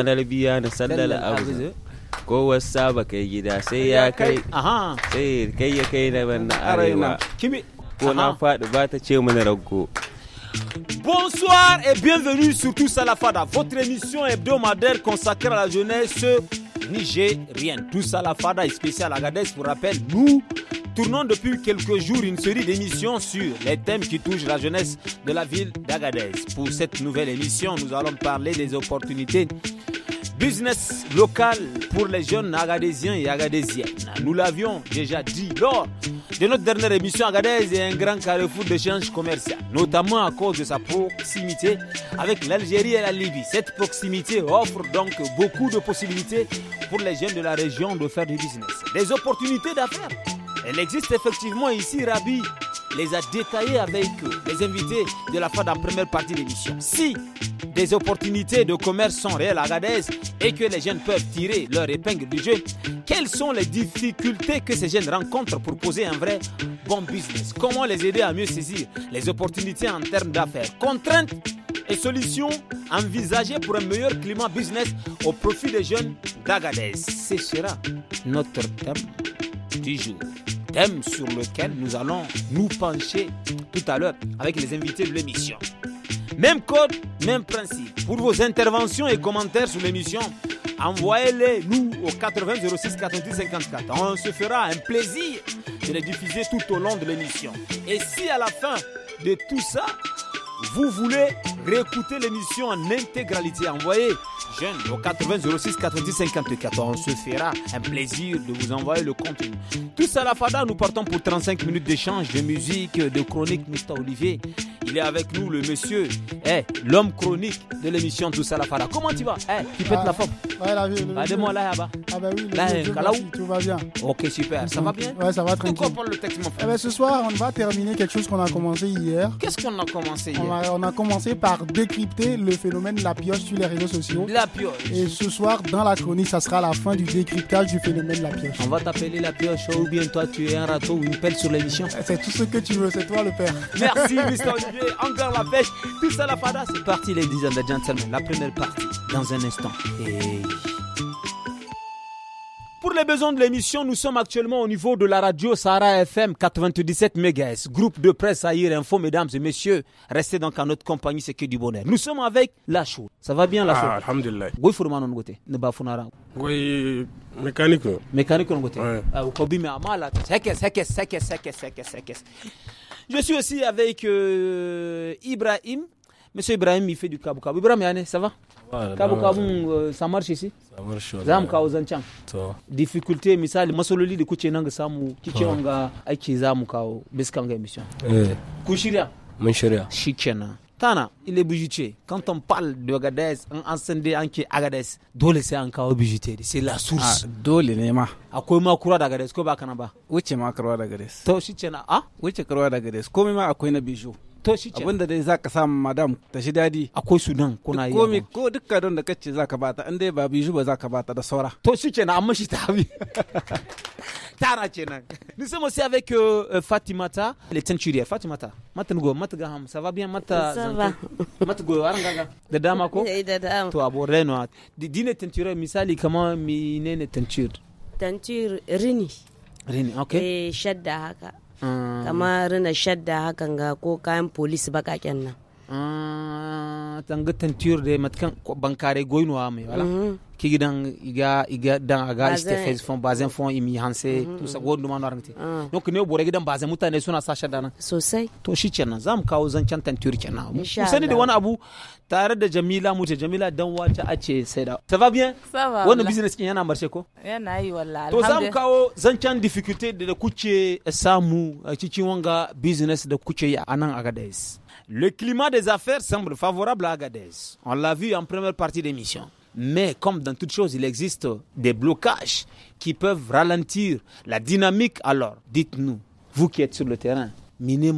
Bonsoir et bienvenue sur Tous à la Fada, votre émission hebdomadaire consacrée à la jeunesse nigérienne. Tous à la Fada est spécial Agadez, pour rappel, nous tournons depuis quelques jours une série d'émissions sur les thèmes qui touchent la jeunesse de la ville d'Agadez. Pour cette nouvelle émission, nous allons parler des opportunités Business local pour les jeunes agadésiens et agadésiennes. Nous l'avions déjà dit lors de notre dernière émission. Agadez est un grand carrefour d'échanges commerciaux, notamment à cause de sa proximité avec l'Algérie et la Libye. Cette proximité offre donc beaucoup de possibilités pour les jeunes de la région de faire du business. Des opportunités d'affaires. elles existent effectivement ici, Rabi, les a détaillés avec les invités de la fin de la première partie de l'émission. Si des opportunités de commerce sont réelles à Agadez et que les jeunes peuvent tirer leur épingle du jeu, quelles sont les difficultés que ces jeunes rencontrent pour poser un vrai bon business Comment les aider à mieux saisir les opportunités en termes d'affaires Contraintes et solutions envisagées pour un meilleur climat business au profit des jeunes d'Agadez. Ce sera notre thème du jour thème sur lequel nous allons nous pencher tout à l'heure avec les invités de l'émission. Même code, même principe. Pour vos interventions et commentaires sur l'émission, envoyez-les nous au 80 06 90 54. On se fera un plaisir de les diffuser tout au long de l'émission. Et si à la fin de tout ça, vous voulez réécouter l'émission en intégralité, envoyez jeune au 80 06 90 54. On se fera un plaisir de vous envoyer le contenu. Tout à la fada, nous partons pour 35 minutes d'échange de musique, de chronique. Mr. Olivier, il est avec nous, le monsieur, eh, l'homme chronique de l'émission Tous à la fada. Comment tu vas eh, Tu fais de ah, la forme Ouais, la vie. moi là, ah, bas Ah, bah oui, tout va bien. Ok, super. Ça va bien Ouais, ça va tranquille. bien. le texte, mon frère eh ben, Ce soir, on va terminer quelque chose qu'on a commencé hier. Qu'est-ce qu'on a commencé hier on a, commencé par décrypter le phénomène de la pioche sur les réseaux sociaux pioche. Et ce soir, dans la chronique, ça sera la fin du décryptage du phénomène la pioche. On va t'appeler la pioche, ou bien toi, tu es un râteau ou une pelle sur l'émission. Eh, c'est tout ce que tu veux, c'est toi le père. Merci, Mr. Olivier. Encore la pêche. Tout ça, la fada. C'est parti, les dizaines de gentlemen. La première partie, dans un instant. Et... Pour les besoins de l'émission, nous sommes actuellement au niveau de la radio Sahara FM 97 MHz, groupe de presse Aïr Info, mesdames et messieurs. Restez donc à notre compagnie, c'est que du bonheur. Nous sommes avec Lachou. Ça va bien, Lachou Ah, alhamdulillah. Oui, Fourman, on goûte. Ne bafounara. Oui, mécanique. Mécanique, on goûte. Ah, mais amala. Sekes, Je suis aussi avec euh, Ibrahim. Monsieur Ibrahim, il fait du kabou kabou. Ibrahim, ça va ka buka euh, mun samar shi si za mu kawo zancen difficulty misali masaloli da kuce nan ga samu kice wanga aiki za mu kawo biskan ga emission eh. ku shirya mun shirya shikenan tana ile bijite quand on parle de gades an an san an ke Agadez dole sai an kawo bijite da c'est la source ah, dole ne ma akwai ma kura da gades ko ba kana ba wuce ma kura da gades to shi ce na ah? wuce kura da ko komai ma akwai na bijo to shi ce abinda dai zaka samu madam ta shi dadi akwai su nan kuna yi komi ko dukka don da kace zaka bata inda ba ba biju ba zaka bata da saura to shi ce na amma shi ta bi tara ce nan sai mu aussi avec euh, Fatimata le teinturier Fatimata matin go mat ga ham ça va bien mata ça euh, va mata go da dama ko da dama to abo reno dine teinturier misali kamar menene teinture teinture rini rini okay eh shadda haka Mm. kamar na shadda hakan ga ko kayan polisi baƙaƙen nan Ah, tanga tenture de matkan bankare goynowa mai mhm. wala ki gidan iga iga dan aga iste fez fon bazen fon imi hanse mhm, to sa mhm. godu ma norangti ah. donc ne bore gidan bazen mutane suna sasha dana sosai to shi kenan zamu kawo zan zancan tenture kenan mu sani da wani abu tare da Jamila mu Jamila dan wata a ce sai da ça va bien ça va wannan business kin yana marshe ko yana yi wallahi to zamu kawo zan zancan difficulty da kuce samu cikin wanga business da kuce a nan aga dais Le climat des affaires semble favorable à Agadez. On l'a vu en première partie d'émission. Mais comme dans toute chose, il existe des blocages qui peuvent ralentir la dynamique. Alors, dites-nous, vous qui êtes sur le terrain, Mine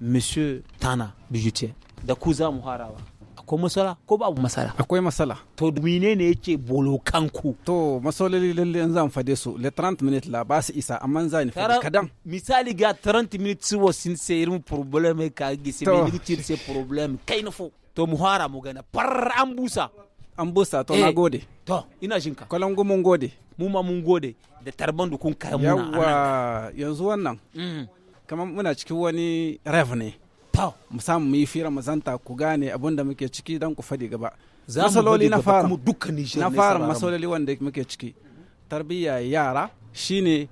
Monsieur Tana, bijoutier, Kouza Muharawa, akwai masala ko babu masala akwai masala to mine ne yace bolokanku to masaloli lalle an zan fade su le 30 minutes la ba su isa amma za ni fade kadan misali ga 30 minutes wo sin se irin problème ka gi se me ni se problem kai na fo to mu hara mu gana par an busa an busa to eh, na gode to ina jinka kwalango mun gode mu ma mun gode da tarban dukun kai muna yawa yanzu wannan mm. kamar muna cikin wani rev ne pow mu samu mu yi fira mu zanta ku gane abin da muke ciki don ku faɗi gaba masaloli na fara na fara masaloli wanda muke ciki tarbiyya yara shine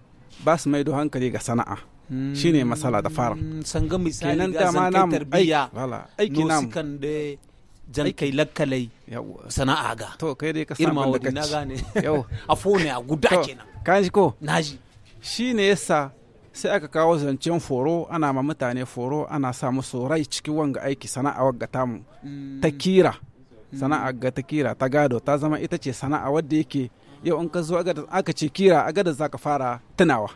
ba su maido hankali ga sana'a hmm, shine masala da fara hmm, sanga misali ga san kai Wala aiki namu jan kai lakkalai sana'a ga to kai dai ka samu da kaci a fone a guda kenan shi ko naji shine yasa sai aka kawo zancen foro ana ma mutane foro ana sa musu rai cikin wanga aiki sana'a wagga mu mm. ta kira sana'a ga ta kira ta gado ta zama ita ce sana'a wadda yake yau in ka zo aka ce kira a gada za ka fara tunawa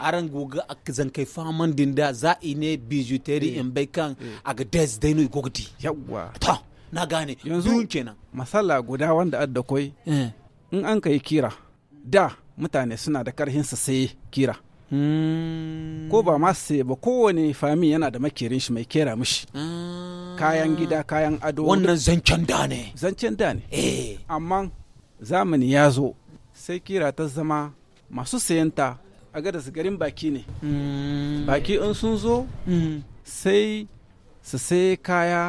aran goga a kai faman dinda za'i ne bijuteri eh. in bai kan eh. a ga des daino gogdi yawwa ta na gane yanzu kenan masala guda wanda adda koi eh. in an kai kira da mutane suna da karhin su sai kira hmm. ko ba ma sai ba kowane fami yana da makerin shi mai kera mishi hmm. kayan gida kayan ado wannan zancen da ne zancen da ne eh. amma zamani ya zo sai kira ta zama masu sayanta a gada su garin baki ne hmm. baki in sun zo sai su sai kaya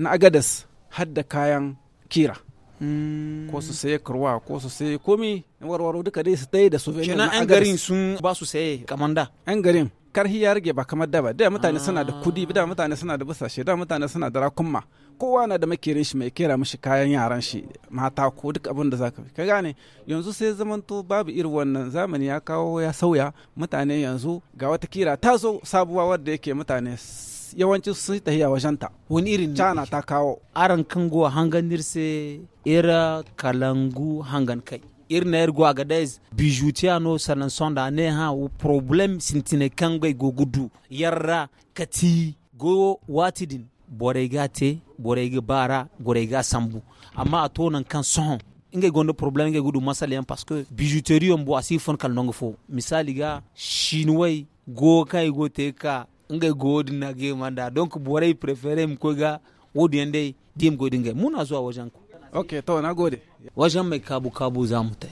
na agadas hadda kayan kira Hmm. ko su saye kurwa ko su saye komi warwaro duka dai su tayi da su kenan yan garin sun ba su saye kamar da yan garin karhi ya rage ba kamar da ba da mutane suna da kudi da mutane suna da busashe da mutane suna da rakunma kowa na da makirin shi mai kera mishi kayan yaran shi mata ko duk abin da zaka ka gane yanzu sai zamanto babu irin wannan zamani ya kawo ya sauya mutane yanzu ga wata kira ta zo sabuwa wadda yake mutane yawanci sun yi tahiya wajen ta wani irin cana ta kawo aran kango hangan nirse ira kalangu hangan kai irna ergo agadez n'o sanan sonda ne ha o problem sintine kango go gudu yarra kati go watidin borega te borega bara ga sambu amma tonan kan son inga gondo problem inga gudu masala yan parce que bijouterie on bo asi kal nongo fo misali ga chinois go kai go te ka nga godi na ge manda donc borai preferé mu koga wodi yande dim godi nge muna zuwa wajan ku ok to na godi wajan me kabu kabu zamte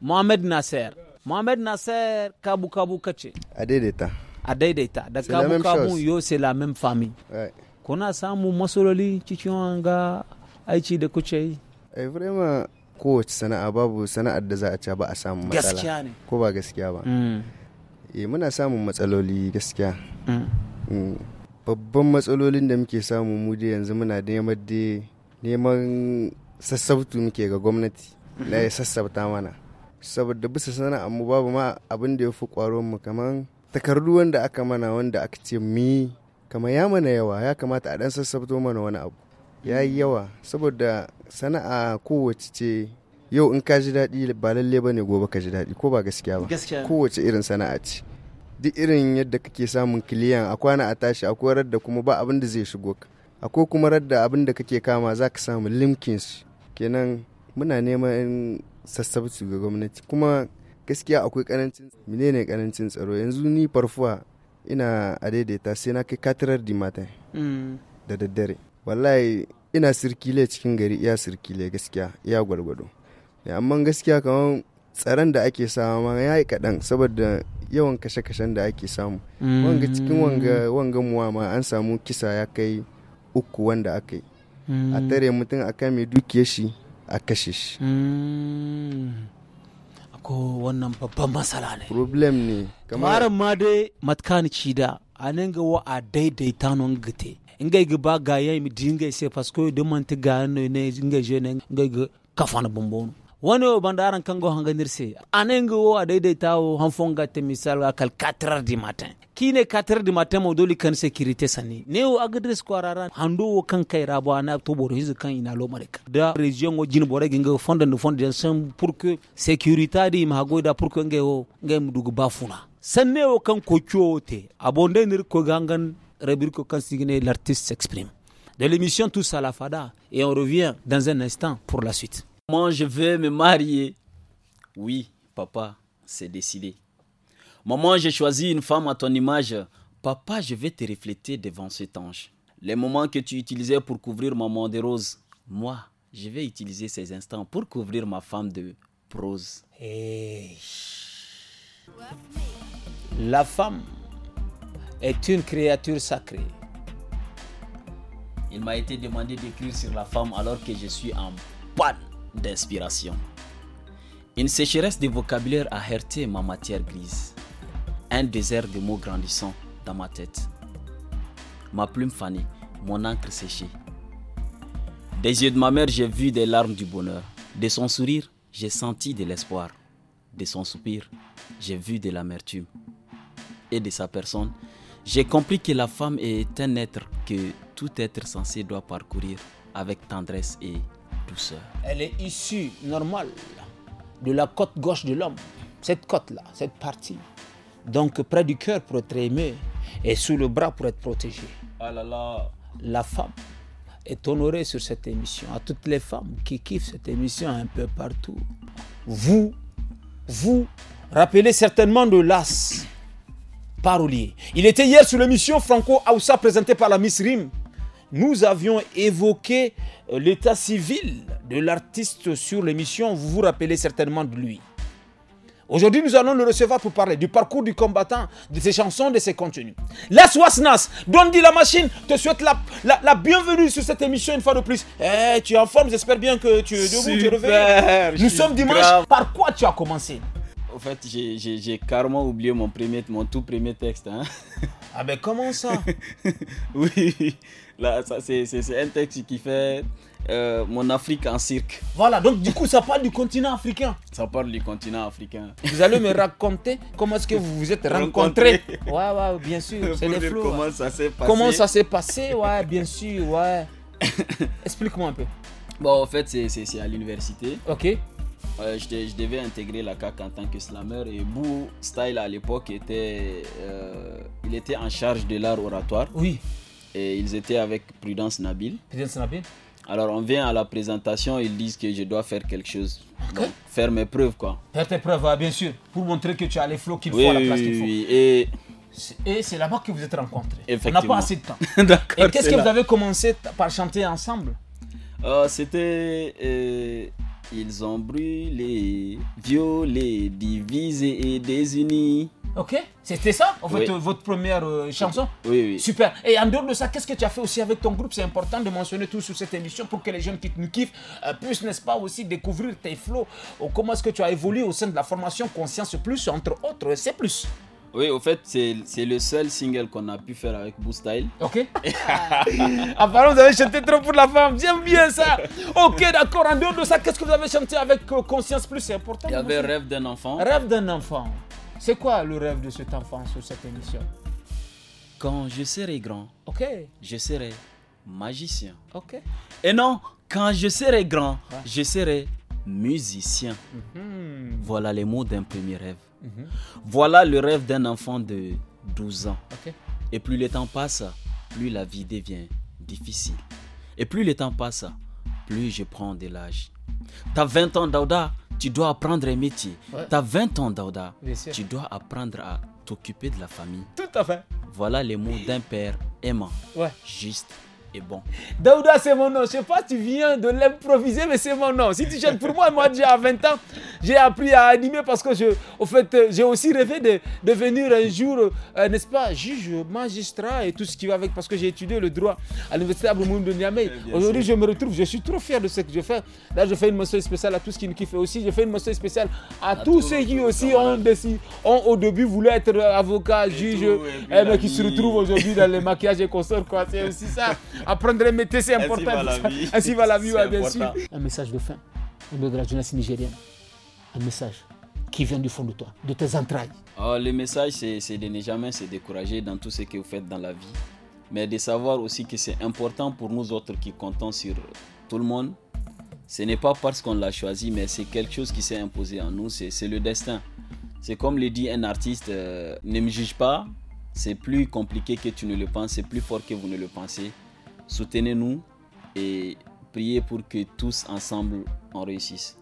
mu Nasser mohamed Nasser kabu kabu kache a daidaita a daidaita da kabu kabu yo c'est la même famille ouais. kona samu masololi cikin wanga aici da kuce yi eh vraiment kowace sana'a babu sana'ar da za a ci ba a samu matsala gaskiya ne ko ba gaskiya ba mm. eh muna samun matsaloli gaskiya mm. Mm. babban matsalolin da muke samu mu yanzu muna neman dai neman sassabtu muke ga gwamnati na ya sassabta mana saboda bisa sana'ar mu babu ma abin da ya fi kwaron mu kaman takardu wanda aka mana wanda aka ce mi kamar ya mana yawa ya kamata a dan sassabto mana wani abu ya yi yawa saboda sana'a kowace ce yau in ka ji daɗi ba lalle ba ne gobe ka ji daɗi ko ba gaskiya ba kowace irin sana'a ce duk irin yadda kake samun kiliyan a kwana a tashi akwai radda kuma ba abin da zai shigo ka akwai kuma radda abin da kake kama za ka samu limkins kenan muna neman sassabci ga gwamnati kuma gaskiya akwai karancin menene karancin tsaro yanzu ni farfuwa ina a daidaita sai na kai katirar di mata mm. da daddare wallahi ina sirkile cikin gari iya sirkile gaskiya iya gwargwado amma gaskiya kamar tsaron da ake samu ma ya yi kaɗan saboda yawan kashe-kashen da ake samu wanga cikin wanga mm. muwa ma an samu kisa ya kai uku wanda aka yi a mm. tare mutum a kame dukiyar shi a kashe shi mm. ko wannan babban matsala ne problem ne kamar ma dai ci da nan ga wa a daidaita non gite in ga ba ga yayi mi dinga sai fasko da man ta ga ne ne in ga je ne ga kafana bombono wani o banda kango hanganirse anengo wo a tawo hanfon hanfonga misal akal 4 du matin kine 4 du matin mo doli kan sécurité sani ne wo agadres ko arara hando wo kan kay rabo ana to boro hizu kan ina lo mareka da region o jin boro ginga fonda no fonda sam pour que sécurité di ma goida pour que nge wo nge mudugu bafuna sanne wo kan ko chuote abonde nir ko gangan rebir ko kan l'artiste s'exprime de l'émission Tous à la Fada et on revient dans un instant pour la suite. Maman je vais me marier. Oui, papa, c'est décidé. Maman, j'ai choisi une femme à ton image. Papa, je vais te refléter devant cet ange. Les moments que tu utilisais pour couvrir maman de rose, moi, je vais utiliser ces instants pour couvrir ma femme de prose. Eh, la femme est une créature sacrée. Il m'a été demandé d'écrire sur la femme alors que je suis en panne d'inspiration. Une sécheresse de vocabulaire a heurté ma matière grise. Un désert de mots grandissant dans ma tête. Ma plume fanée, mon encre séchée. Des yeux de ma mère, j'ai vu des larmes du bonheur. De son sourire, j'ai senti de l'espoir. De son soupir, j'ai vu de l'amertume. Et de sa personne, j'ai compris que la femme est un être que tout être censé doit parcourir avec tendresse et elle est issue normale de la côte gauche de l'homme, cette côte-là, cette partie. Donc près du cœur pour être aimé et sous le bras pour être protégé. Ah la femme est honorée sur cette émission. À toutes les femmes qui kiffent cette émission un peu partout. Vous, vous rappelez certainement de l'as parolier. Il était hier sur l'émission Franco Aoussa présentée par la Miss Rim nous avions évoqué euh, l'état civil de l'artiste sur l'émission. Vous vous rappelez certainement de lui. Aujourd'hui, nous allons le recevoir pour parler du parcours du combattant, de ses chansons, de ses contenus. La donne Dondi la machine, te souhaite la, bienvenue sur cette émission une fois de plus. Eh, tu es en forme, j'espère bien que tu es debout, tu es Nous sommes dimanche. Par quoi tu as commencé En fait, j'ai carrément oublié mon, premier, mon tout premier texte. Hein. Ah ben comment ça Oui, là, c'est, un texte qui fait euh, Mon Afrique en cirque. Voilà, donc du coup, ça parle du continent africain. Ça parle du continent africain. Vous allez me raconter comment est-ce que vous vous êtes rencontrés Ouais, ouais, bien sûr, c'est les flots. Comment ça s'est passé Comment ça s'est passé Ouais, bien sûr, ouais. Explique-moi un peu. Bon, en fait, c'est, c'est à l'université. Ok je, devais intégrer la CAC en tant que slammer et Bou Style à l'époque était, euh, il était en charge de l'art oratoire. Oui. Et ils étaient avec Prudence Nabil. Prudence Nabil. Alors on vient à la présentation, ils disent que je dois faire quelque chose. faire mes preuves quoi. Faire tes preuves, ah, bien sûr, pour montrer que tu as les flots qu'il faut, à la place qu'il faut. Oui, et... Et c'est là-bas que vous êtes rencontrés. Effectivement. On n'a pas assez de temps. D'accord, et qu'est-ce que vous avez commencé par chanter ensemble euh, C'était euh, ils ont brûlé, violé, divisé et désunis. Ok, c'était ça, votre première euh, chanson Oui, oui. Super. Et en dehors de ça, qu'est-ce que tu as fait aussi avec ton groupe C'est important de mentionner tout sur cette émission pour que les jeunes qui nous kiffent euh, puissent, n'est-ce pas, aussi découvrir tes flots. Oh, comment est-ce que tu as évolué au sein de la formation Conscience Plus, entre autres, c'est plus oui, au fait, c'est le seul single qu'on a pu faire avec Boostyle. Style. Ok. Apparemment, vous avez chanté trop pour la femme. J'aime bien ça. Ok, d'accord. En dehors de ça, qu'est-ce que vous avez chanté avec euh, Conscience Plus C'est important. Il y avait Rêve d'un enfant. Rêve d'un enfant. C'est quoi le rêve de cet enfant sur cette émission Quand je serai grand, ok, je serai magicien. Ok. Et non, quand je serai grand, je serai musicien. Mhm. Voilà les mots d'un premier rêve. Mhm. Voilà le rêve d'un enfant de 12 ans. Et plus le temps passe, plus la vie devient difficile. Et plus le temps passe, plus je prends de l'âge. T'as 20 ans, Dauda, tu dois apprendre un métier. tu T'as 20 ans, Dauda, tu dois apprendre à t'occuper de la famille. Tout à fait. Voilà les mots d'un père aimant, ouais. juste bon. Daouda, c'est mon nom. Je sais pas si tu viens de l'improviser, mais c'est mon nom. Si tu chantes pour moi, moi déjà à 20 ans, j'ai appris à animer parce que je, au fait, j'ai aussi rêvé de devenir un jour, euh, n'est-ce pas, juge, magistrat et tout ce qui va avec parce que j'ai étudié le droit à l'université Aboumoum de Niamey. Eh aujourd'hui, je me retrouve, je suis trop fier de ce que je fais. Là, je fais une mention spéciale à tous ceux qui kiffent aussi. Je fais une mention spéciale à, tous ceux qui aussi ont, décidé, ont au début voulu être avocat, juge, mais qui se retrouvent aujourd'hui dans les maquillages et consorts. C'est aussi ça. apprendre un métier, c'est important. Ainsi va la vie. bien sûr. Un message de fin au nom de la jeunesse nigérienne. Un message qui vient du fond de toi, de tes entrailles. Oh, le message, c'est de ne jamais se décourager dans tout ce que vous faites dans la vie, mais de savoir aussi que c'est important pour nous autres qui comptons sur tout le monde. Ce n'est pas parce qu'on l'a choisi, mais c'est quelque chose qui s'est imposé en nous, c'est le destin. C'est comme le dit un artiste, euh, ne me juge pas, c'est plus compliqué que tu ne le penses, c'est plus fort que vous ne le pensez. Soutenez-nous et priez pour que tous ensemble on réussisse.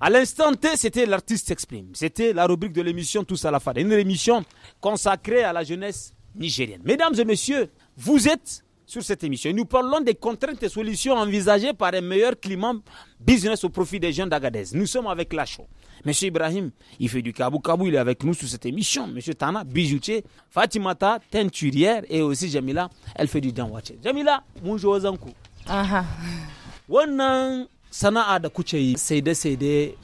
À l'instant T, c'était l'artiste s'exprime. C'était la rubrique de l'émission Tous à la fin, une émission consacrée à la jeunesse nigérienne. Mesdames et messieurs, vous êtes sur cette émission. Nous parlons des contraintes et solutions envisagées par un meilleur climat business au profit des gens d'Agadez. Nous sommes avec Lachou, Monsieur Ibrahim, il fait du Kabou Kabou, il est avec nous sur cette émission. Monsieur Tana, bijoutier, Fatimata, teinturière et aussi Jamila, elle fait du danwache. Jamila, bonjour aux Aha. Wannan sana'a da kuke yi saide-saide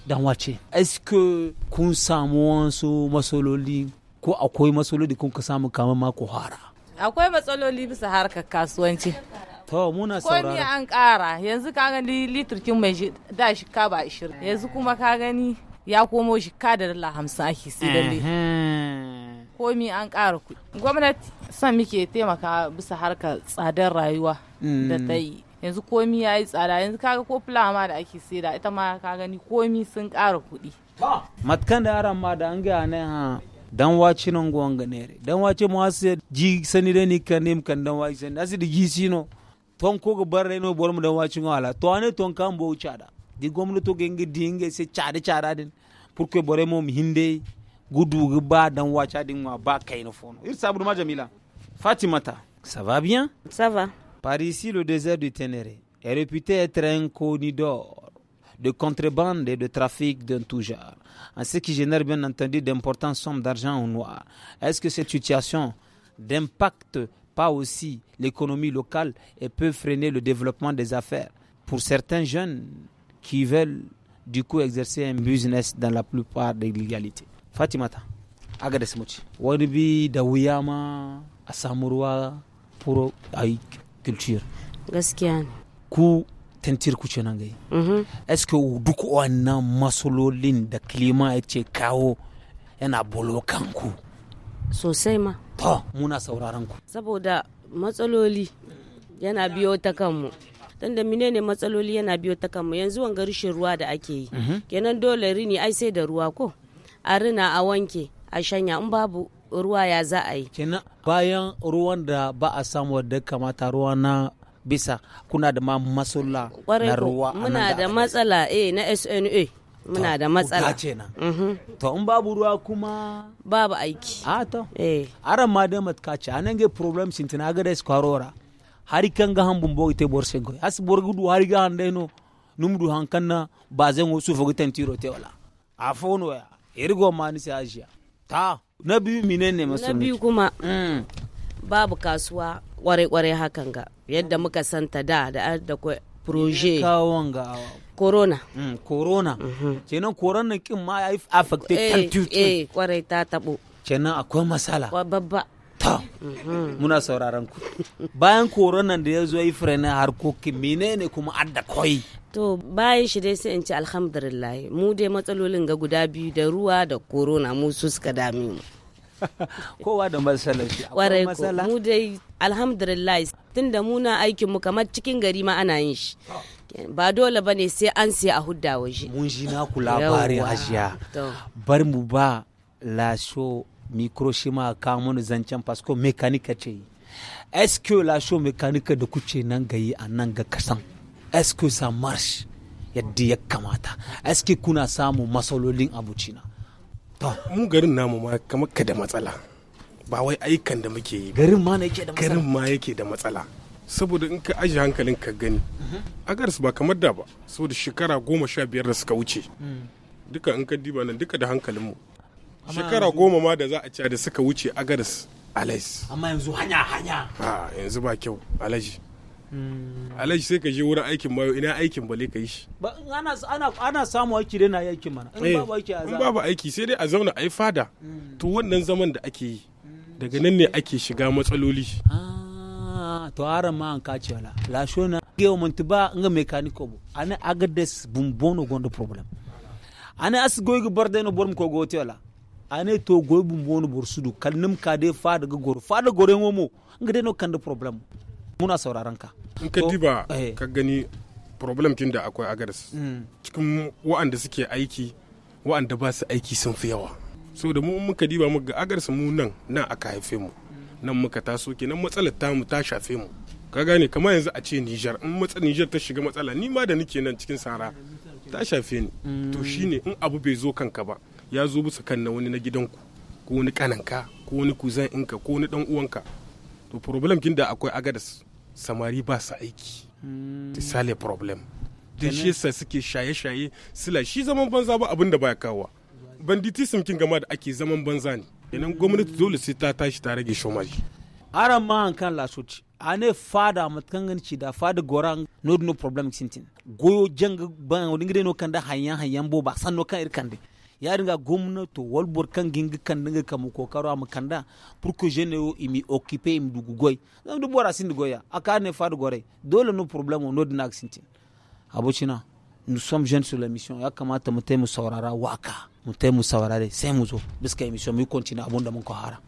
Est-ce que kun samu masololi ko masololi kun ka samu akwai matsaloli bisa harkar kasuwanci to muna ko an kara yanzu ka gani litirkin mai da shika ba 20 yanzu kuma ka gani ya komo shika da dala 50 ake sai dalle komi an ƙara kuɗi gwamnati san muke taimaka bisa harkar tsadar rayuwa da mm. ta yi yanzu komi ya yi tsada yanzu kaga ko fulama da ake da ita ma ka gani komi sun ƙara kuɗi matkan da yaran ma da an gaya ne ha dan waci non gonga nere dan wace mo ase ji sanire ni kanim kan dan waci san asidi ji gisino ton ko go barre no bor mo dan ngala to ton kan bo chada di gomno to genge dinge se chara chada den pour que bore mo hinde gudu go ba dan wacha din wa ba kayno fono ir sabu ma jamila fatimata ça va bien ça va par ici le désert du Ténéré est réputé être un conidor de contrebande et de trafic d'un tout genre, en ce qui génère bien entendu d'importantes sommes d'argent au noir. Est-ce que cette situation n'impacte pas aussi l'économie locale et peut freiner le développement des affaires pour certains jeunes qui veulent du coup exercer un business dans la plupart des légalités. Fatimata, puro culture. tantir nan gai mhm. eske duk wannan masololin da kilima ya ce kawo yana bolo kanku sosai ma to muna sauraron ku saboda matsaloli yana biyo ta kanmu don da menene matsaloli yana biyo ta kanmu yanzu wanga rishin ruwa da ake yi mhm. kenan dole rini ai sai da ruwa ko a rina a wanke a shanya in babu ruwa ya za a yi kenan bayan ruwan da ba a samu da kamata ruwa na bisa kuna da ma masola na ruwa muna da matsala eh na SNA muna da matsala mhm. to in babu ruwa kuma babu aiki a to eh aran ma da matka ce anan ge problem tana ga da skwarora har kan ga han bumbo ite borse go as borgu du har ga da no numdu hankan na bazen wo su fogu tiro te wala a fono ya irgo ma ni sai ajiya ta na biyu menene ne na biyu kuma mm. babu kasuwa kwarai-kwarai hakan ga yadda muka santa da da da proje kawon ga corona mm, corona mhm. kenan corona kin ma ya affected eh, altitude eh kwarai ta tabo kenan akwai masala babba ta mhm. muna sauraron ku bayan corona da ya zo yi fure na harkokin menene kuma adda koi to bayan shi dai sai in ci alhamdulillah mu dai matsalolin ga guda biyu da ruwa da corona mu su suka dame mu kowa da matsalar shi akwai ko mu dai alhamdulillah tunda muna aikin mu kamar cikin gari ma ana yin shi ah. ba dole bane sai an sai a hudda waje mun ji na ku labarin ajiya bar mu ba laso ma ka mun zancen fasko mekanika ce SQ que la da kuce nan ga yi a nan ga kasan SQ sa que marche yadda ya kamata SQ kuna samun masalolin abucina to mu garin namu ma kamar ka da matsala ba wai aikan da muke yi garin ma yake da matsala garin ma yake da matsala saboda in ka aje hankalin ka gani mm-hmm. agars ba kamar da ba saboda shekara goma sha biyar da suka wuce mm. duka in ka diba nan duka da hankalin mu shekara goma ma da za a ci da suka wuce agars alais amma yanzu hanya hanya a ah, yanzu ba kyau alaji Mm. Alaji sai ka je wurin aikin mayo ina aikin bale ka yi shi ana samu aiki dai na aikin mana in eh, babu aiki babu aiki sai dai a zauna a yi fada mm. to wannan zaman da ake yi mm. daga nan ne ake shiga matsaloli ah, to aran ma an kace la la shona geo montiba nga mekaniko bo ana agades bumbono gondo problem ana as barde no borm ko goti wala ana to goy bumbono bor sudu kalnum de fa daga gor fa daga gore ngomo nga deno kanda problem muna sauraron ka in ka diba eh. ka gani problem kin da akwai agars mm. cikin wa'anda suke aiki wa'anda ba su aiki sun fi yawa so da mu muka diba mu ga agadas mu nan nan aka haife mu nan muka taso kenan matsalar mu ta shafe mu ka gane kamar yanzu a ce Nijar in matsalar Nijar ta shiga matsala ni ma da nake nan cikin sara ta shafe ni to mm. shine in abu bai zo kanka ba ya zo bisa kan na wani na gidanku ko wani kananka ko wani kuzan inka ko wani dan uwanka to problem kin da akwai agadas samari ba sa aiki hmm. ta sale problem da shi sa suke shaye-shaye sila shi zaman banza ba abin da baya kawo sun kin gama da ake zaman banza ne idan gwamnati dole sai ta tashi ta rage shomaji aran ma kan lasoci ane fada matkangan ci da fada goran no no problem sintin goyo jang ban wani gire no kan da hanyan hanyan bo ba san no kan irkan yarin ga gwamnati walbor kan gingi kan dinga kamu kokaro am kanda pour que jeune yo imi occuper im dugu goy du bora sin goya aka ne far gore dole no problème no dina sintin abochina nous sommes jeunes sur la mission ya kamata mu taimu musawara waka mu musawara de sai mu zo biska mission mu continue abunda mun ko hara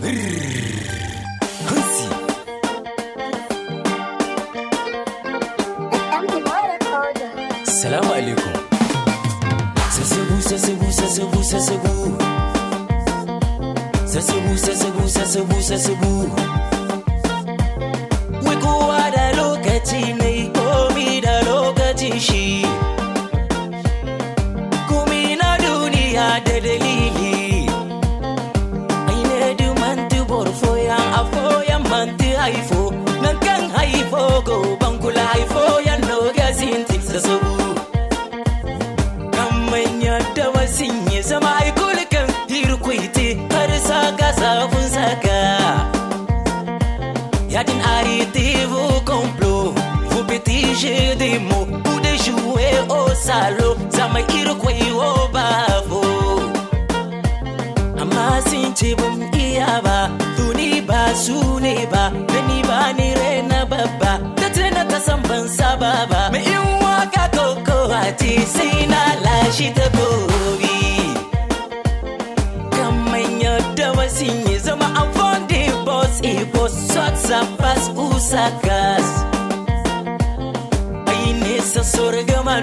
Brrr. Assalamu alaikum. Sasebu, sasebu, sasebu, sasebu. Sasebu, sasebu, sasebu, sasebu. Wikowa da lokaci mai komi da lokaci shi. Kumi na duniya da dalili. Aine du mantu borfo yan afo yan mantu no gazin tik sasebu. din arite vo complots, vous pétigez des mots pour déjouer o salo, Zama irokwe o bavo. Amma since bum iya ba, duni ba su ne ba, gani ba ni rena babba, ta ce na ta san ban saba ba. Mai in koko ati sai na lashe ta gobe. Kan manyan da wasu zapas usakas Aine sasor sa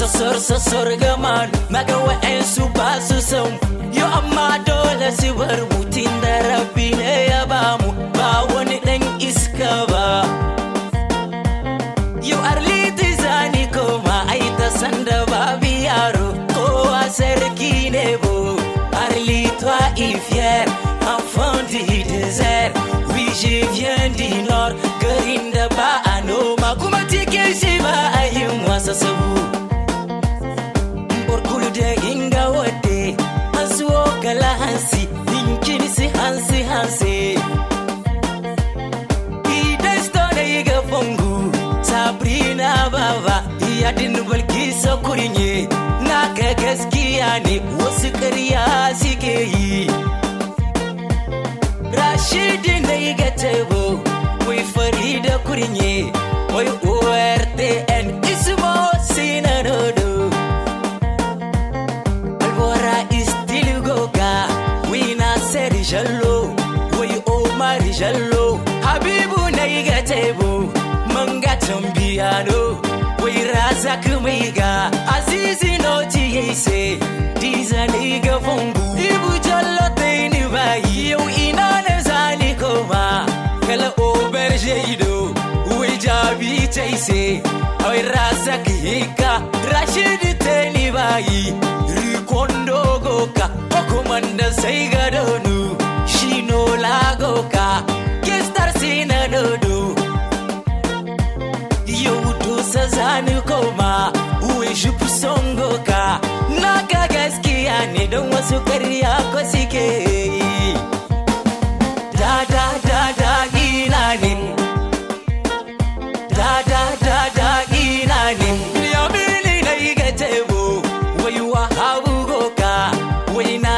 Sasor sasor gamanu Maga wa'ensu ba su san Yo amma dole su bar mutum da rabi ne ya bamu Ba wani ɗan iska ba shi ba a yin wasa sabu Orkulu da ginga wadde Asuwo kala hansi Dinkin si hansi hansi Idesto da yi ga fungu Sabrina baba Iya din balki sokurinye Na ka gaskiya ne wasu karya suke yi Rashidi na yi ga tebo Wai fari da kurinye Diano, we Razakumiga, Azizi no TAC, Dizan Ega Fungu, Ibujala Teniva, you in on a Zanikova, Kala Obergeido, we Javi TAC, we Razakika, Rashid Rukondo Goka, Okumanda Sega Donu, Shino Lagoka. zani koma uwe shi fi son goka na ga gaskiya ne don wasu karya ko yi da da da da ina ne da da da da ina ne yamini na yi ga tebo wai wahabu goka wai na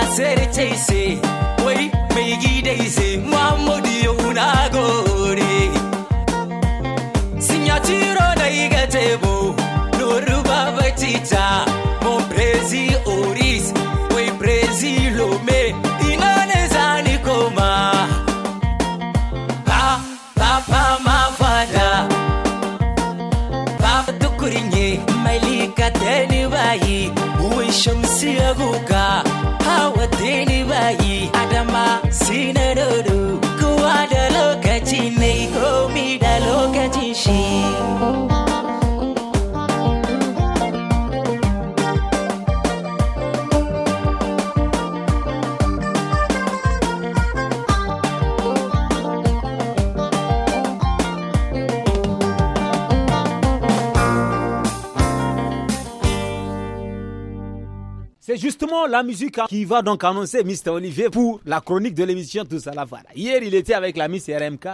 عليك تاني la musique hein, qui va donc annoncer Mr. Olivier pour la chronique de l'émission Tous à la Fada. Hier, il était avec la Miss RMK.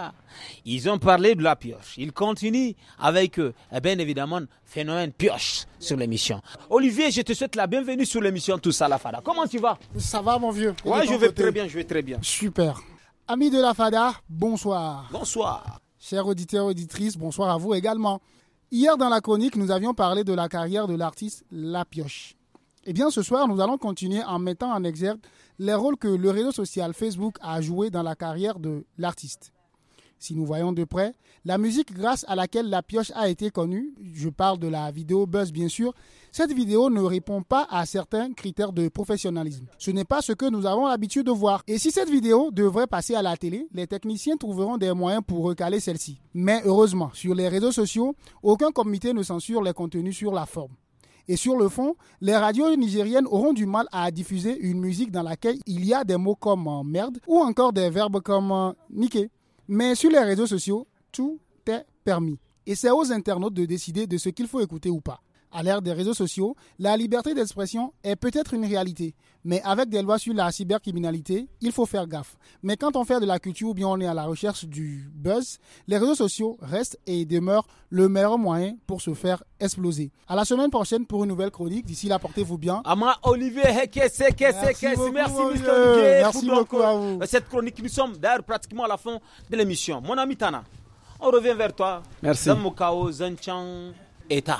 Ils ont parlé de la pioche. Il continue avec eux. Et eh bien évidemment, phénomène pioche sur l'émission. Olivier, je te souhaite la bienvenue sur l'émission Tous à la Fada. Comment tu vas Ça va, mon vieux. Ouais, je vais très bien, je vais très bien. Super. Amis de la Fada, bonsoir. Bonsoir. Chers auditeurs, auditrices, bonsoir à vous également. Hier, dans la chronique, nous avions parlé de la carrière de l'artiste La Pioche. Eh bien, ce soir, nous allons continuer en mettant en exergue les rôles que le réseau social Facebook a joué dans la carrière de l'artiste. Si nous voyons de près, la musique grâce à laquelle la pioche a été connue, je parle de la vidéo Buzz bien sûr, cette vidéo ne répond pas à certains critères de professionnalisme. Ce n'est pas ce que nous avons l'habitude de voir. Et si cette vidéo devrait passer à la télé, les techniciens trouveront des moyens pour recaler celle-ci. Mais heureusement, sur les réseaux sociaux, aucun comité ne censure les contenus sur la forme. Et sur le fond, les radios nigériennes auront du mal à diffuser une musique dans laquelle il y a des mots comme euh, merde ou encore des verbes comme euh, niquer. Mais sur les réseaux sociaux, tout est permis. Et c'est aux internautes de décider de ce qu'il faut écouter ou pas à l'ère des réseaux sociaux, la liberté d'expression est peut-être une réalité, mais avec des lois sur la cybercriminalité, il faut faire gaffe. Mais quand on fait de la culture ou bien on est à la recherche du buzz, les réseaux sociaux restent et demeurent le meilleur moyen pour se faire exploser. À la semaine prochaine pour une nouvelle chronique. D'ici là, portez-vous bien. moi, Olivier Merci beaucoup, merci, merci beaucoup à vous. Cette chronique, nous sommes d'ailleurs pratiquement à la fin de l'émission. Mon ami Tana, on revient vers toi. Merci. Zan Zanchang, Eta.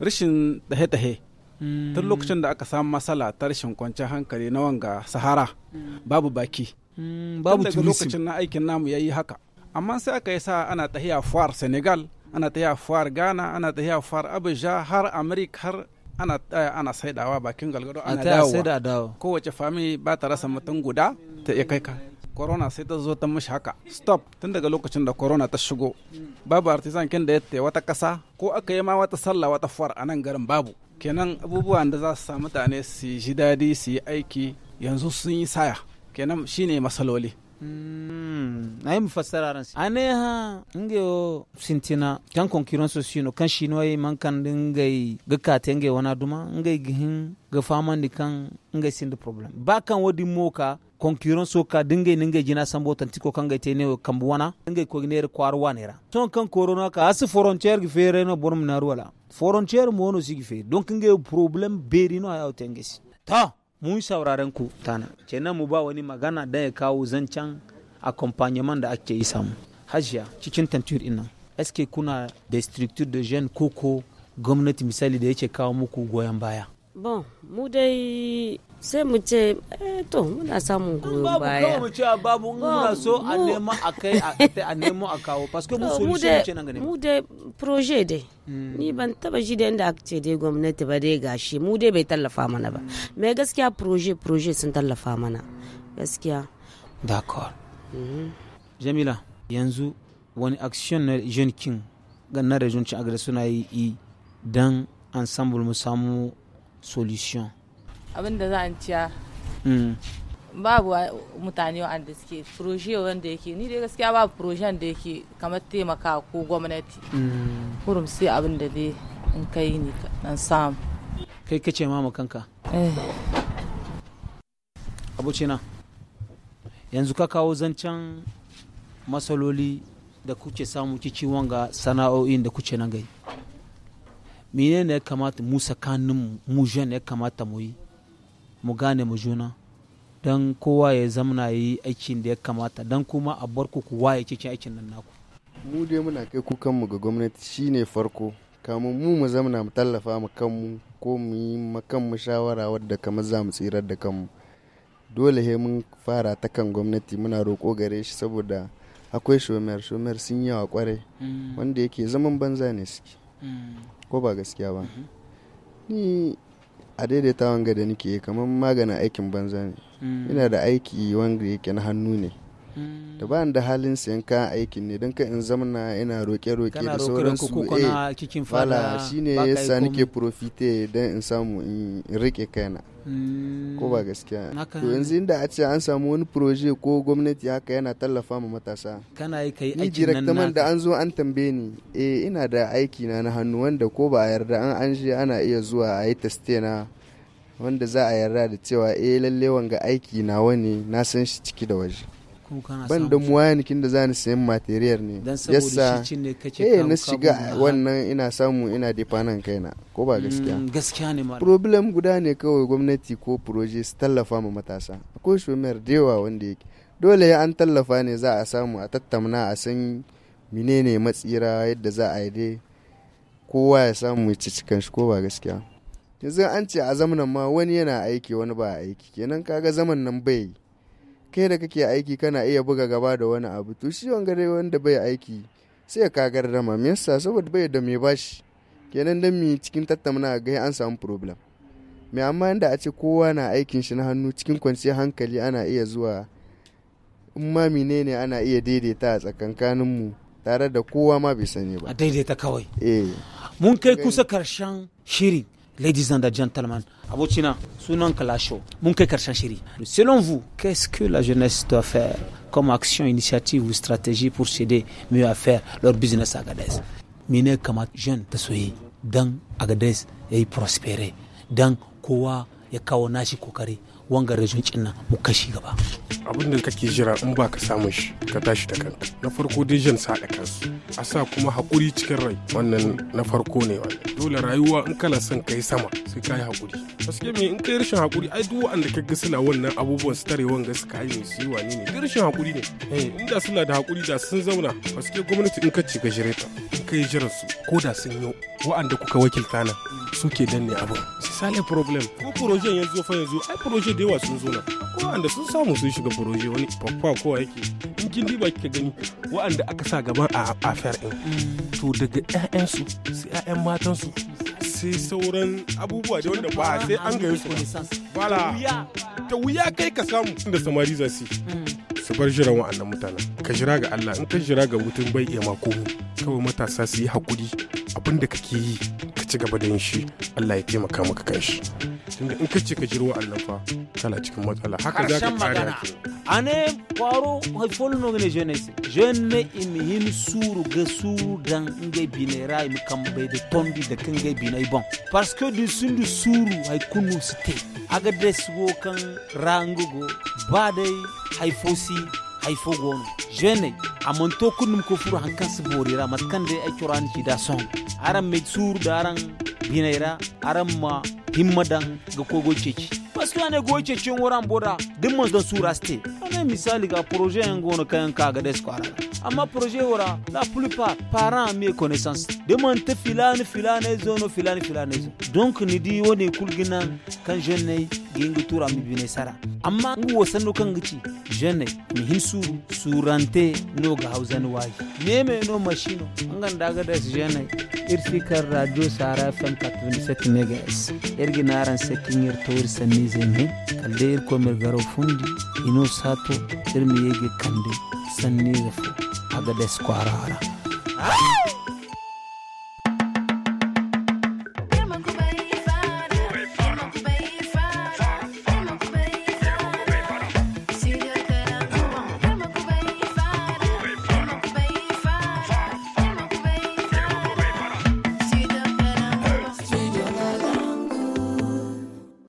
rashin tahe-tahe tun mm. lokacin da aka samu masala ta rashin kwanciyar hankali na wanga sahara mm. babu baki mm, babu daga lokacin na aikin namu ya yi haka amma sai aka yi sa ana tahiya fuwar senegal ana tahiya fuwar ghana ana tahiya fuwar abuja har america har ana eh, ana saidawa bakin galgado ana dawo kowace fami ba ta rasa mutum guda ta iya kai ka corona sai ta zo ta mashi haka stop tun daga lokacin da corona ta shigo babu artisan kin da yatta wata kasa ko aka yi ma wata sallah wata fuwar a nan garin babu kenan abubuwan da za su sa mutane su ji daɗi su yi aiki yanzu sun yi saya kenan shine masaloli Mm. ayi mufassararan si nge o sintina kan concurrence sino kan yi man kan ngai gakate nge wana duma nge gihin ga faman di kan nge sindi problem ba kan wadi moka concurrence ka ni nge jina sambo tanti ko kan ne tene kambu wana nge ko gnere kwaru ra. ton kan korona ka as frontier gi fere no bonum na ruwala frontier mo no sigi fe donc ngai problem berino ayo tengesi ta mu sauraren ku tana kenan mu ba wani magana da ya kawo zancen accompagnement da ake yi samu hajiya cikin tantur ina eske kuna da structure de jeune koko gwamnati misali da yake kawo muku goyon baya bon mu dai sai mu ce eh to muna samun goyon baya babu kawo mu ce babu muna so a nemo a kai a nemo a kawo parce que mu solution ce nan gane mu dai projet dai hmm. ni ban taba ji da inda ake ce dai gwamnati ba dai gashi mu dai bai tallafa mana ba hmm. me gaskiya projet projet sun tallafa mana gaskiya d'accord hmm. jamila yanzu wani action na jeune king na region cin agada na yi dan ensemble mu samu solution abin da za a ciya hmm. babu mutane wanda suke proje wanda yake ni dai gaskiya babu proje wanda yake kamar taimaka ko gwamnati hmm. kurum sai abin da dai in kai ne nan samu kai kace ma kanka eh. abucina yanzu ka kawo zancen masaloli da kuke samu cikin wanga sana'o'in da kuke nan gai mene ne ya kamata mu tsakanin mu jen ya kamata mu yi mu gane mu juna don kowa ya zamana yi aikin da ya kamata don kuma a bar ku kowa ya cikin aikin nan naku mu dai muna kai kukan mu ga gwamnati shine farko kamun mu mu zamana mu tallafa mu kanmu ko mu yi mu shawara wadda kamar za mu tsirar da kanmu dole he mun fara ta kan gwamnati muna roƙo gare shi saboda akwai shomer shomer sun yawa kwarai mm. wanda yake zaman banza ne suke mm. ko ba gaskiya ba mhm. ni a daidaitawan ga da nake kamar maganin aikin banza ne mm. ina da aiki wanda yake na hannu ne da mm. ba da halin sayan kayan aikin ne don eh, ka in zamana ina roƙe-roƙe da sauransu eh kikin fala shine sa nike profite don in samu in rike kaina mm. ko ba gaskiya to yanzu inda a ce an samu wani proje ko gwamnati haka yana tallafa ma matasa kana yi kai aikin nan naka da an zo an tambaye ni eh ina da aiki na na hannu wanda ko ba a yarda an an je ana iya zuwa a yi taste na wanda za a yarda da cewa eh lalle wanga aiki nawa ne na san shi ciki da waje ban da muwayanikin da za ni sayan materiyar ne yasa eh na shiga wannan ina samu ina defanan kaina ko ba mm, gaskiya gaskiya ne problem guda ne kawai gwamnati ko proje su tallafa ma matasa akwai shomer da yawa wanda yake dole an tallafa ne za a samu a tattauna a san menene matsira yadda za a yi dai kowa ya samu ya ci shi ko ba gaskiya yanzu an ce a zamanin ma wani yana aiki wani ba aiki kenan kaga zaman nan bai kai da kake aiki kana iya buga gaba da wani abu to shi wanga dai wanda bai aiki sai ka gardama me yasa saboda bai da me bashi kenan dan mi cikin tattauna ga an samu problem me amma inda a ce kowa na aikin shi na hannu cikin kwanciyar hankali ana iya zuwa in ma menene ana iya daidaita a tsakankanin mu tare da kowa ma bai sani ba a daidaita kawai eh mun kai kusa karshen shiri. Ladies and gentlemen, Abochina, Sunan Kalasho, Munke Karchachiri. Selon vous, qu'est-ce que la jeunesse doit faire comme action, initiative ou stratégie pour s'aider mieux à faire leur business à Agadez Mine kama jeune Soyi, dans Agadez et prospérer. Dan kowa ya kawo nashi kokari wanga rejin cin nan mu kashi gaba abin da kake jira in ba ka samu shi ka tashi da kanka na farko dai jan sa da kansu a sa kuma hakuri cikin rai wannan na farko ne wannan dole rayuwa in kana son kai sama sai kai hakuri gaske me in kai rashin hakuri ai duk wanda ka ga suna wannan abubuwan su tare wanga su kai ne su wani ne rashin hakuri ne eh inda suna da hakuri da sun zauna gaske gwamnati in ka ci ka jireta suka yi jiran su ko da sun yi wa'anda kuka wakilta nan suke danne abin su sale problem ko projen yanzu fa yanzu ai projen da yawa sun zo na ko wa'anda sun samu sun shiga proje wani babba kowa yake in kin diba kika gani wa'anda aka sa gaban a affair din to daga su sai ƴaƴan matansu sai sauran abubuwa da wanda ba sai an ga su wala ta wuya kai ka samu inda samari za mm. su bar jiran wa'annan mutanen ka jira ga Allah in ka jira ga mutum bai iya ma komi kawai matasa su yi hakuri abin da kake yi ka ci gaba da yin shi Allah ya taimaka maka kan shi tunda in kace ka jiro Allah fa kana cikin matsala haka za ka tsara ane kwaro haifol no ne jeune jeune im him suru ga suru dan ngai bine rai mu kan bai da da kan ngai bine bon parce que du sundu suru hay kunu site aga des wo kan rangugo ba dai hay fosi hay fo gono jene amon to kunnum ko bori hankan si borira matkande ay coran jida son aran me sur daran binaira aram ma himmadan ga kogo ceci parce que ane go cecin woran boda dimmas don sura ste ane misali ga projet en gono kayan kaga des ko amma projet wora la plupart parents me connaissance demante filani filani zono filani filani zono. donc ni di woni kulgina kan jeune gingu tura mi bine sara amma ngu wosanno kan gici jeune mi hin suru surante no ga hausan wai neme no machino ngan daga des jeune kar radio sara fm 87 megas ergi naran sekinyir tori sanizen he kalde er ko mer garo fundi ino sato irmi er yege kande sanniga fu aga des kwarara Ah!